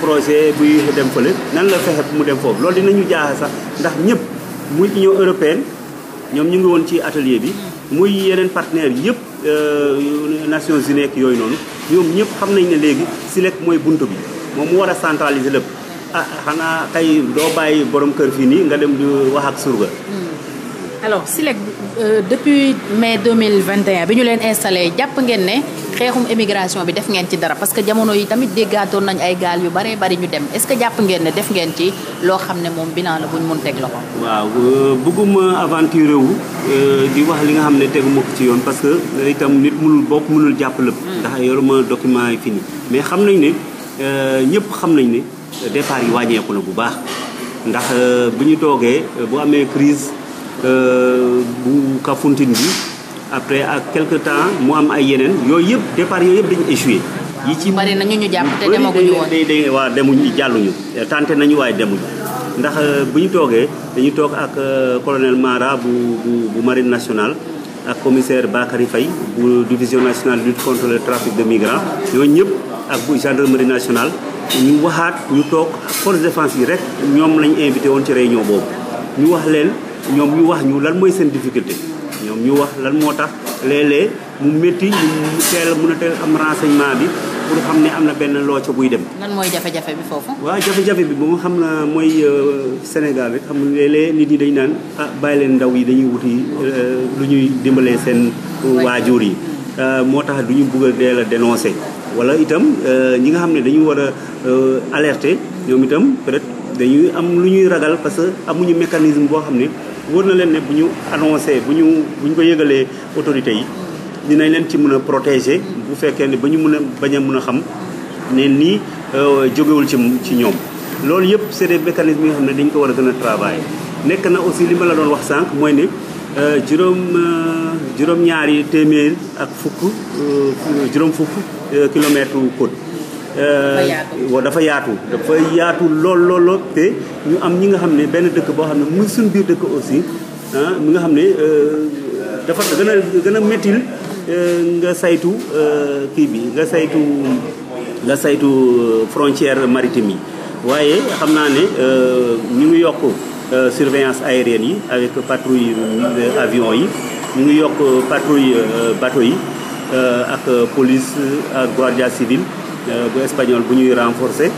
projet buy dem fële nan la fexe mu dem foofu loolu dinañu jaaxal sax ndax ñëpp muy union européenne ñoom ñu ngi woon ci atelier bi muy yeneen partenaire yëpp euh, Nations Unies ak yooyu noonu ñoom ñëpp xam nañ ne léegi SILEC mooy bunt bi moom mu war a centraliser lépp ah xanaa kay doo bàyyi borom kër fii nii nga dem di wax ak surga hmm. alors SILEC Euh, depuis mai 2021 bi ñu leen installé jàpp ngeen ne xeexum émigration bi def ngeen ci dara parce que jamono yi tamit déggaatoon nañ ay gaal yu bare bari ñu dem est-ce que jàpp ngeen ne def ngeen ci loo xam ne moom bilan la bu ñu mun teg loxo. waaw euh, bëgguma aventure wu euh, di wax li nga xam ne teguma ko ci yoon parce que itam nit mënul bopp mënul jàpp lépp. Hmm. ndax yoruma document yi fini mais xam nañ ne ñëpp xam nañ ne départ yi wàññeeku na bu baax ndax bu ñu toogee bu amee bu Kafountine bi après ak quelque temps mu am ay yeneen yooyu yëpp départ yooyu yëpp dañu échoué. yi ci bari na ñu ñu jàpp te demaguñu woon day waa demuñu jàlluñu tenté nañu waaye demuñu ndax euh, bu ñu toogee dañu toog ak euh, colonel Mara bu bu bu marine ak commissaire Bakary Faye bu division nationale lutte contre le trafic de migrants ñooñu ñëpp ak bu gendarmerie nationale ñu waxaat ñu toog force défense yi rek ñoom lañu invité woon ci réunion boobu ñu wax leen. ñoom ñu wax ñu lan mooy seen difficulté ñoom ñu wax lan moo tax léeg-léeg mu métti ñu teel a a teel am renseignement bi pour xam ne am na benn loo buy dem. lan mooy jafe foofu. waaw jafe bi moom xam na mooy euh, Sénégal bi xam nga léeg lee nit ñi dañu naan ah bàyyi leen ndaw yi dañuy wuti euh, lu ñuy dimbalee seen waajur yi. Euh, moo tax du ñu bugg a deel a wala itam ñi nga xam ne dañu war a alerter ñoom itam peut-être dañuy am lu ñuy ragal parce que amuñu mécanisme boo xam ne. wóor na leen ne bu ñu annoncé bu ñu bu ñu ko yëgalee autorité yi dinañ leen ci mun a protéger bu fekkee ne ba ñu mun a bañ a mun a xam ne nii euh, jógewul ci ci ñoom loolu yëpp c'est des mécanismes yi nga xam ne dañ ko war a gën a travailler nekk na aussi li ma la doon wax sànq mooy ne euh, juróom euh, juróom-ñaari téeméer ak fukk juróom fukk kilomètre côte Euh, wa dafa yaatu dafa yaatu lool lool lool te ñu am ñi nga xam ne benn dëkk boo xam ne muy suñ biir dëkk aussi ah mi nga xam ne euh, dafa gën a gën a méttil euh, nga saytu kii bi nga saytu nga saytu frontière maritime yi waaye xam naa ne ñu ngi yokk surveillance aérienne yi avec patrouille avion yi ñu ngi yokk patrouille bateau yi ak police ak guardia civile Euh, bu espagnol bu ñuy renforcer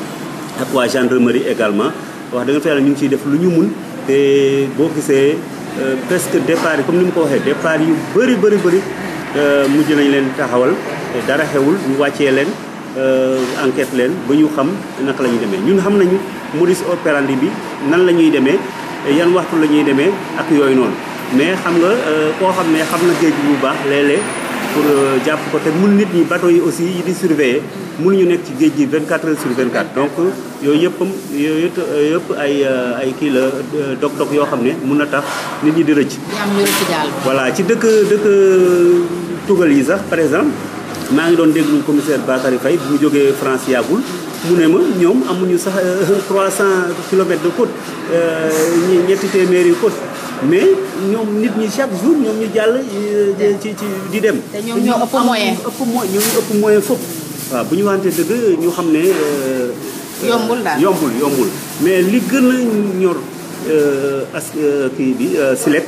ak waa gendarmerie également wax da nga fa yàlla ñu ngi ciy def lu ñu mun te boo gisee euh, presque départ yi comme ni mu ko waxee départ yu bëri bëri bëri euh, mujj nañ leen taxawal dara xewul ñu wàccee leen enquête leen ba ñu xam naka la ñuy demee ñun xam nañu modus operandi bi nan la ñuy demee yan waxtu la ñuy demee ak yooyu noonu mais xam nga koo xam ne xam na géej bu baax léeg pour euh, jàpp ko te mun nit ñi bateau yi aussi yi di surveiller mënuñu nekk ci géej gi vingt heures sur 24 donc yooyu yëpp yooyu ay euh, ay kii la euh, dog-dog yoo xam ne mun na tax nit ñi di rëcc. voilà ci dëkk dëkk tugal yi sax par exemple maa ngi doon déglu commissaire Bakary fay bu mu jógee France yàggul mu ne ma ñoom amuñu sax 300 kilomètres de côte ñetti téeméeri côte. mais ñoom nit ñi chaque jour ñoom ñu jàll euh, ci ci di dem. te ñoom ñoo ëpp moyen ëpp moyen ñoom ñu bu ñu wante dëgg ñu xam ne. Euh, yombul daal yombul yombul. mais li gën a ñor euh, as kii bi Silek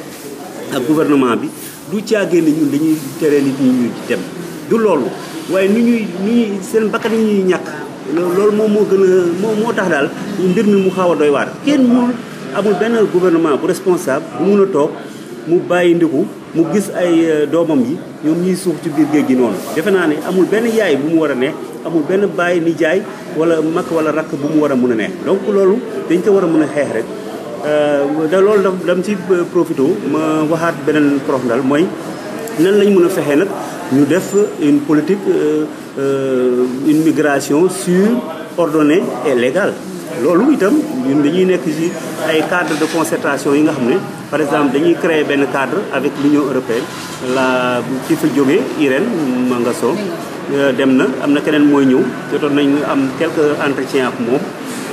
ak gouvernement bi du caagee ne ñun dañuy tere nit ñi ñuy dem du loolu waaye ni ñuy nu ñuy seen bakkan yi ñuy ñàkk loolu moom moo gën a moo moo tax daal mbir mi mu xaw a doy waar kenn mënul. amul benn gouvernement bu responsable bu mun a toog mu bàyyi ndiku mu gis ay euh, doomam yi ñoom ñuy suux ci biir géej gi noonu defe naa ni amul benn yaay bu mu war a ne amul benn bàyyi ni jaay wala mag wala rakk bu mu war a mun a ne donc loolu dañ ko war a mun a xeex rek euh, da loolu dam ci euh, profité ma waxaat beneen prof ndal mooy nan lañ mën a fexee nag ñu def une politique une migration sûre ordonnée et légale loolu itam ñun dañuy nekk ci ay cadre de concertation yi nga xam ne par exemple dañuy créer benn cadre avec l'Union européenne la ci fa jógee Irène Mangasson euh, dem na am na keneen mooy ñëw jotoon nañ am quelques entretiens ak moom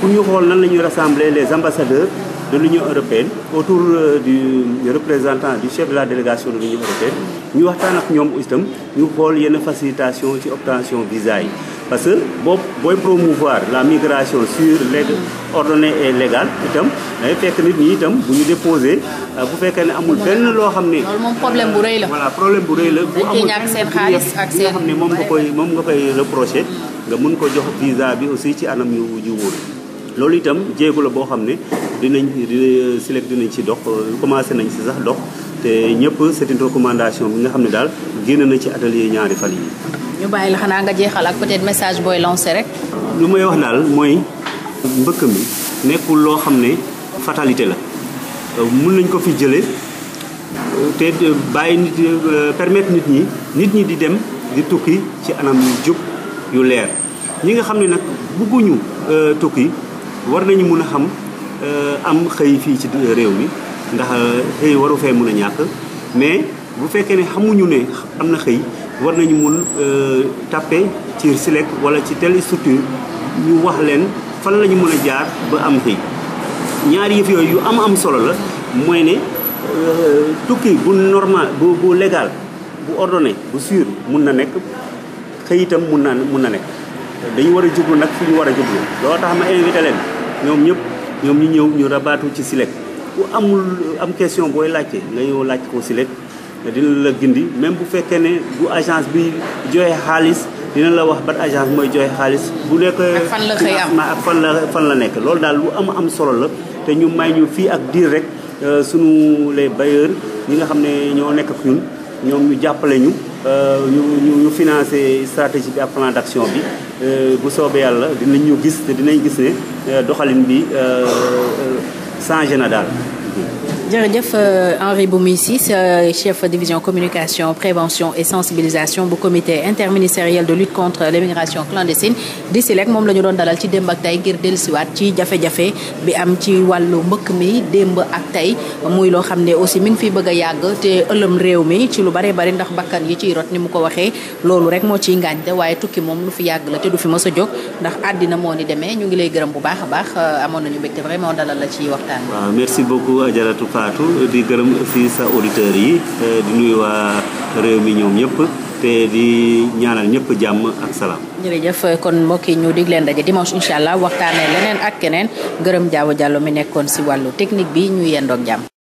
pour ñu xool nan la ñuy rassembler les ambassadeurs de l'Union européenne autour euh, du représentant du chef de la délégation de l'Union européenne ñu waxtaan ak ñoom itam ñu xool yenn facilitation ci obtention visa yi parce que boo booy promouvoir la migration sûre légale ordonnée et légale itam day fekk nit ñi itam bu ñu déposé euh, bu fekkee ne amul benn loo xam ne. loolu problème bu rëy la. problème bu rëy la. bu amul seen xaalis ak nga xam ne moom nga koy moom nga koy reproché nga mun ko jox visa bi aussi ci anam yu yu wóor. loolu itam jéego la boo xam ne dinañ dina SILEC dinañ ci dox commencé nañ si sax dox te ñëpp c'est une recommandation bi nga xam ne daal génn na ci atelier ñaari fan yi ñu bàyyi la xanaa nga jeexal ak peut-être message booy lancé rek. lu may wax daal mooy mbëkk mi nekkul loo xam ne fatalité la euh, mun nañ ko fi jëlee euh, te bàyyi nit euh, permettre nit ñi nit ñi di dem di tukki ci anam yu jub yu leer ñi nga xam ne nag bugguñu tukki. war nañu mun a xam euh, am xëy fii ci réew mi ndax euh, xëy waru fee mun a ñàkk mais bu fekkee ne xamuñu ne am na xëy war nañu mun euh, tàppe ci SILEC wala ci telle structure ñu wax leen fan la ñu mën a jaar ba am xëy ñaari yëf yooyu yu am am solo la mooy ne tukki bu normal bu bu légal bu ordonné bu sûr mun na nekk xëy itam mun na mun na nekk dañu war a jublu nag fi ñu war a jublu loo tax ma invité ñoom ñëpp ñoom ñu ñëw ñu rabaatu ci SILEC ku amul am question booy laajte nga ñëw laaj ko SILEC dina la gindi même bu fekkee ne bu agence bi joxe xaalis dina la wax ban agence mooy joxe xaalis bu nekk financement ak fan la nekk loolu daal lu am am solo la te ñu may ñu fii ak diir rek euh, suñu les bailleurs ñi nga xam ne ñoo nekk ak ñun ñoom ñu jàppale ñu ñu ñu ñu financé stratégie bi ak plan d'action bi euh, bu soobee yàlla dinañ ñu gis te dinañ gis ne euh, doxalin bi euh, changé na daal. jërëjëf euh, Henri Boumy si euh, chef division communication prévention et sensibilisation bu comité interministériel de lutte contre l'immigration clandestine di si SILEC moom la ñu doon dalal ci démb ak tey ngir dellusiwaat ci jafe-jafe bi am ci wàllu mbëkk mi démb ak tey muy loo xam ne aussi mi ngi fiy bëgg a yàgg te ëlëm réew mi ci lu bare bari ndax bakkan yi ciy rot ni mu ko waxee loolu rek moo ciy ngaañte waaye tukki moom lu fi yàgg la te du fi mës a jóg ndax àddina moo ni demee ñu ngi lay gërëm bu baax a baax euh, amoon nañu vraiment dalal la ci waxtaan. Fatou di gërëm aussi sa auditeurs yi di nuyu waa réew mi ñoom ñëpp te di ñaanal ñëpp jàmm ak salaam. jërëjëf kon mbokk yi ñu dig leen daje dimanche incha allah waxtaanee leneen ak keneen gërëm jaaw jàllo mi nekkoon si wàllu technique bi ñu yendoog jàmm.